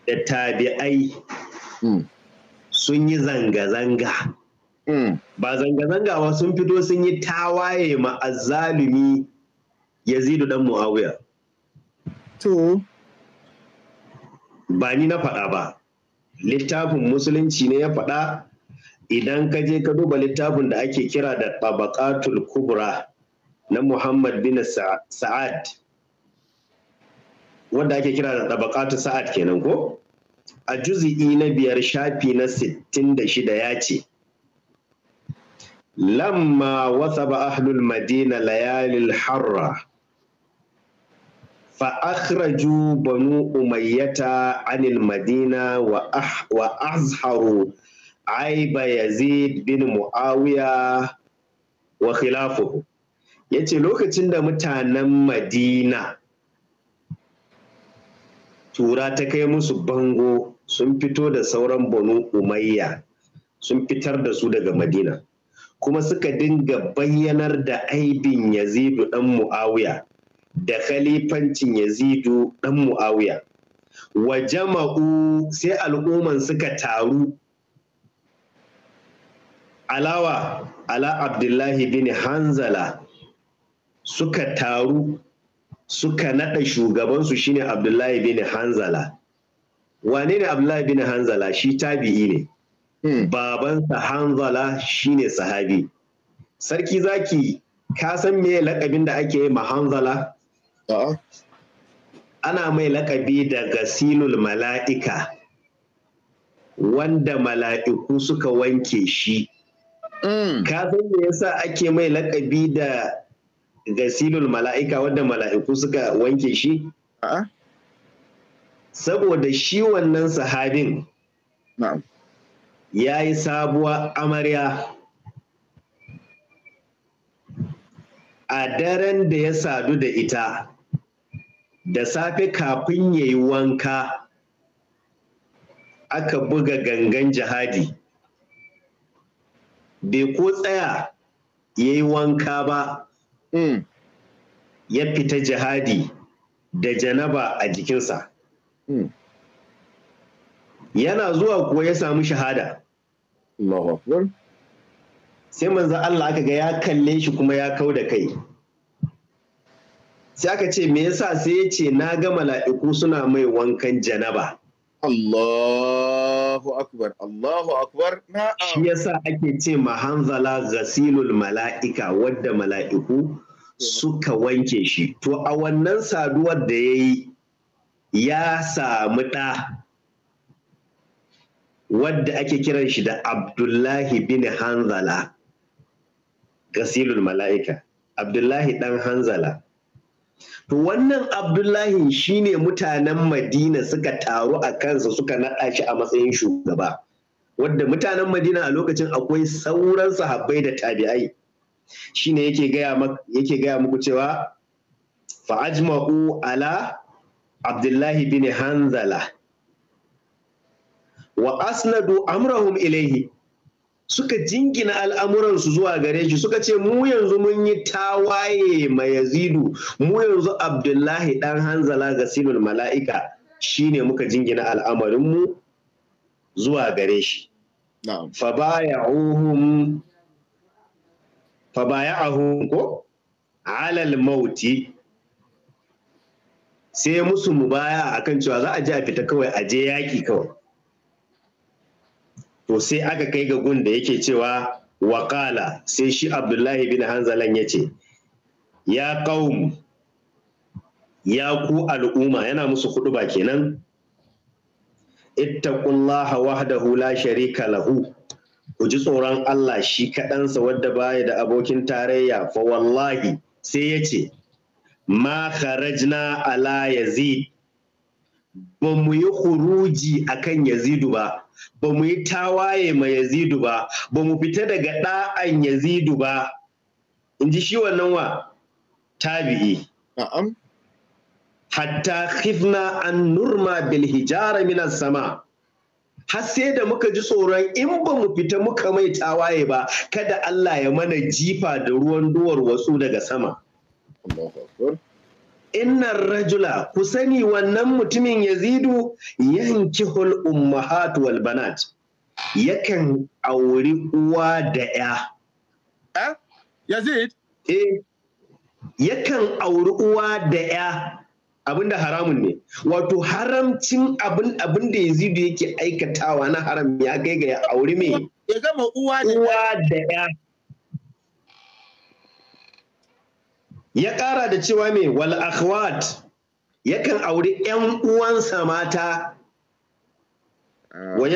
da tabi'ai hmm. sun yi zanga-zanga hmm. ba zanga-zanga ba sun fito sun yi tawaye ya yazidu dan muawiya ba ni na faɗa ba littafin musulunci ne ya faɗa idan ka je ka duba littafin da ake kira da tabaqatul kubra na muhammad bin sa'ad wanda ake kira da tabaqatul sa'ad kenan ko a juzi'i na biyar shafi na sittin da shida ya ce lamma wasa ba ahlul madina layalil harra فأخرجوا بنو أمية عن المدينة وأظهروا عيب يزيد بن معاوية وخلافه yace lokacin da mutanen madina tura ta kai musu bango sun fito da sauran banu umayya sun fitar da su daga madina kuma suka dinga bayyanar da aibin yazidu dan mu'awiya da khalifancin yazidu Dan mu'awiya wa jama'u sai al'umman suka taru alawa ala abdullahi bin hanzala suka taru suka naɗa shugabansu shine abdullahi bin hanzala wane ne abdullahi bin hanzala shi tabi'i ne hmm. babansa hanzala shine sahabi sarki zaki ka san me lakabin da ake yi ma hanzala ana mai lakabi da gasilul mala'ika wanda mala'iku suka wanke shi mm. ka san me yasa ake mai lakabi da gasilul mala'ika wanda mala'iku suka wanke shi saboda shi wannan sahabin ya yi sabuwa amarya a daren da ya sadu da ita da safe kafin ya yi wanka aka buga gangan jihadi bai ko tsaya ya yi wanka ba mm. ya fita jihadi da janaba a jikinsa mm. yana zuwa kuwa ya samu shahada sai manzo Allah aka ga ya kalle shi kuma ya kau da kai sai aka ce me yasa sai ya ce na ga mala'iku suna mai wankan janaba Allahu akbar Allahu akbar shi yasa ake ce ma hanzala zasilul mala'ika wadda mala'iku suka wanke shi to a wannan saduwar da ya yi ya samu ɗa wadda ake kiran shi da abdullahi bin hanzala gasilul mala'ika abdullahi ɗan hanzala To wannan Abdullahi shine mutanen Madina suka taru a kansa suka naɗa shi a matsayin shugaba. Wadda mutanen Madina a lokacin akwai sauran sahabbai da tabi'ai. Shine yake gaya muku cewa fa'ajma'u ala Abdullahi bin Hanzala wa asnadu amrahum ilaihi suka jingina al'amuransu zuwa gare shi suka ce mu yanzu mun yi tawaye ma yazidu mu yanzu abdullahi dan hanzala ga sinul mala'ika shine muka jingina al'amarinmu zuwa gare shi fa baya fa ko alal mauti sai musu mubaya akan cewa za a je a fita kawai a je yaki kawai to sai aka kai ga gun da yake cewa Wakala, sai shi abdullahi bin hanzalan ya ce ya ƙaum ya ku al'umma yana musu kuɗi ba kenan ittaqullaha wahdahu la sharika lahu ku ji tsoron Allah shi kaɗansa wadda baya da abokin tarayya fa wallahi sai ya ce ma kharajna ala yazid ba mu yi huruji akan yazidu ba ba mu yi tawaye ma yazidu ba ba mu fita daga ɗa'an yazidu ba in ji shi wannan wa tabi'i hatta khifna an nurma bil hijara minas sama har sai da muka ji tsoron in ba mu fita muka mai tawaye ba kada Allah ya mana jifa da ruwan duwar wasu daga sama Allahu innan rajula ku sani wannan mutumin yazidu yanki ummahat wal banat yakan auri uwa da ya yazid eh, yakan auri uwa da ya abinda haramun ne wato haramcin abin da yazidu yake aikatawa na haram ya kai ya auri mai ya gama uwa da ya ya ƙara da cewa mai wal akhwat yakan auri 'yan uwansa mata wa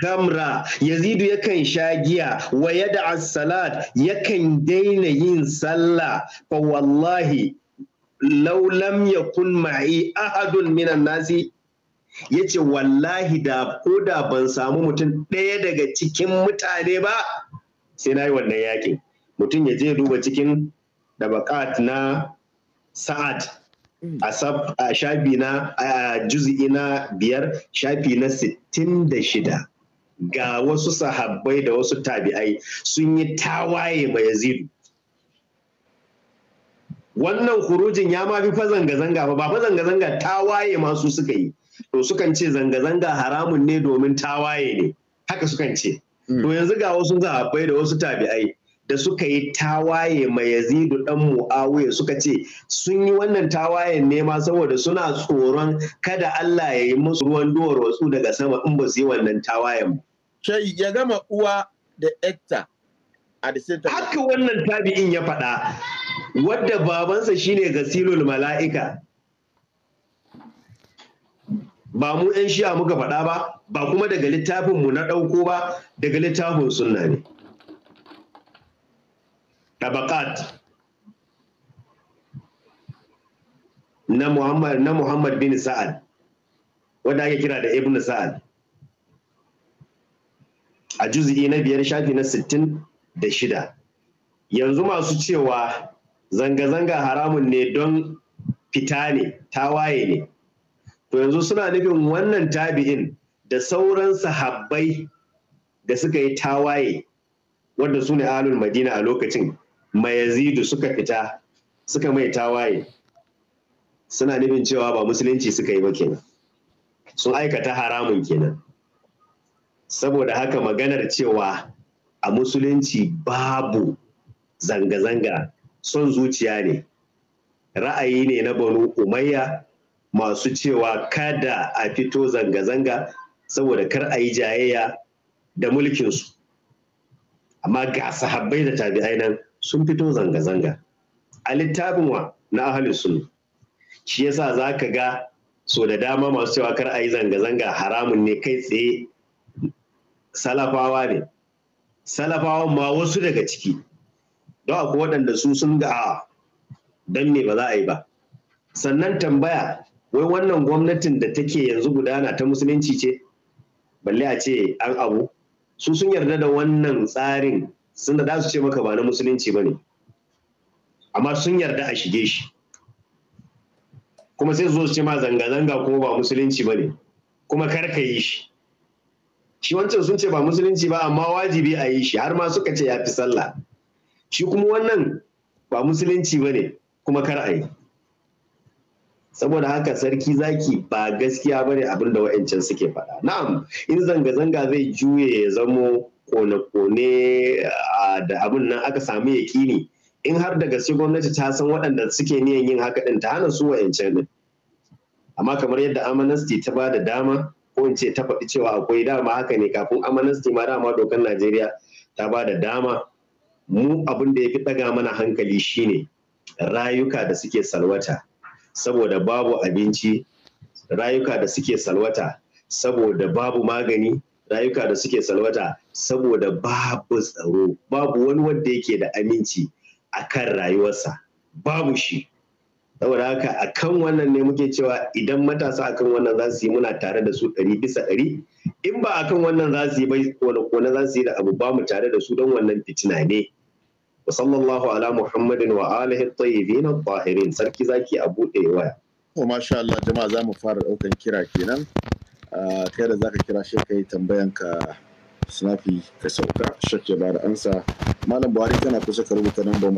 kamra ya yazidu yakan sha giya wa da salat yakan daina yin sallah fa wallahi law lam yakun ma'i ahadun minan nasi yace wallahi da ko da ban samu mutum ɗaya daga cikin mutane ba sai nayi wannan yaƙin. mutum ya je duba cikin da bakat na sa'ad a shafi na a juzi'i na biyar shafi na sittin da shida ga wasu sahabbai da wasu tabi'ai sun yi tawaye ma yazidu wannan kurujin ya ma fi fa zanga-zanga ba fa zanga-zanga tawaye masu suka yi to sukan ce zanga-zanga haramun ne domin tawaye ne haka sukan ce hmm. to yanzu ga wasu zahabbai da wasu tabi'ai da suka yi tawaye mai yazidu dan muawiya suka ce sun yi wannan tawayen nema saboda suna tsoron kada Allah ya yi musu ruwan duwar wasu daga sama in ba su yi wannan tawayen ya gama uwa da ekta a da Haka wannan tabi'in ya faɗa wadda babansa shine gasilul mala'ika. Ba mu 'yan shi'a muka faɗa ba, ba kuma daga littafin mu na ɗauko ba, daga littafin sunna ne. tabakat na Muhammad na Muhammad bin Sa'ad wanda ake kira da Ibn Sa'ad a juz'i na biyar shafi na sittin da shida yanzu masu cewa zanga-zanga haramun ne don fita ne tawaye ne to yanzu suna nufin wannan tabi'in da sauran sahabbai da suka yi tawaye wanda su ne alul madina a lokacin mayazidu suka fita suka mai tawaye suna nufin cewa ba musulunci suka yi ba kenan sun aikata haramun kenan saboda haka maganar cewa a musulunci babu zanga-zanga son zuciya ne ra'ayi ne na banu umayya masu cewa kada a fito zanga-zanga saboda kar a yi jayayya da mulkinsu amma ga sahabbai da tabi'ai nan sun fito zanga-zanga a littafin wa na ahalin sunna shi yasa za ka ga so da dama masu cewa kar a yi zanga-zanga haramun ne kai tsaye salafawa ne salafawan ma wasu daga ciki don akwai waɗanda su sun ga a don ne, ba za a yi ba sannan tambaya wai wannan gwamnatin da take yanzu gudana ta musulunci ce balle a ce an abu su sun yarda da wannan tsarin sun da su ce maka ba na musulunci ba ne amma sun yarda a shige shi kuma sai su zo su ce ma zanga-zanga kuma ba musulunci ba ne kuma kar yi shi shi wancan sun ce ba musulunci ba amma wajibi a yi shi har ma suka ce ya fi sallah shi kuma wannan ba musulunci ba ne kuma kar a yi saboda haka sarki zaki ba gaskiya ba abin da wa'ancan suke faɗa na'am in zanga-zanga zai juye ya zamo kone-kone da abin nan aka samu yakini in har da gaske gwamnati ta san waɗanda suke niyan yin haka ɗin ta hana su wa'ancan ɗin amma kamar yadda amanasti ta ba da dama ko in ce ta faɗi cewa akwai dama haka ne kafin amanasti ma dama dokar najeriya ta ba da dama mu abin da ya fi ɗaga mana hankali shine rayuka da suke salwata saboda babu abinci rayuka da suke salwata saboda babu magani rayuka da suke salwata saboda babu tsaro babu wani wanda yake da aminci a kan rayuwarsa babu shi saboda haka a kan wannan ne muke cewa idan matasa a kan wannan za su yi muna tare da su ɗari bisa ɗari in ba a kan wannan za su yi bai kone za su yi da abu ba mu tare da su don wannan fitina ne wa ala muhammadin wa alihi tayyibin tahirin sarki zaki a buɗe waya to masha Allah jama'a za mu fara ɗaukan kira kenan ah, kai da zaka kira shi kai tambayanka snafi ka sauka shak ya da ansa malam buhari tana kusa ka rubuta nan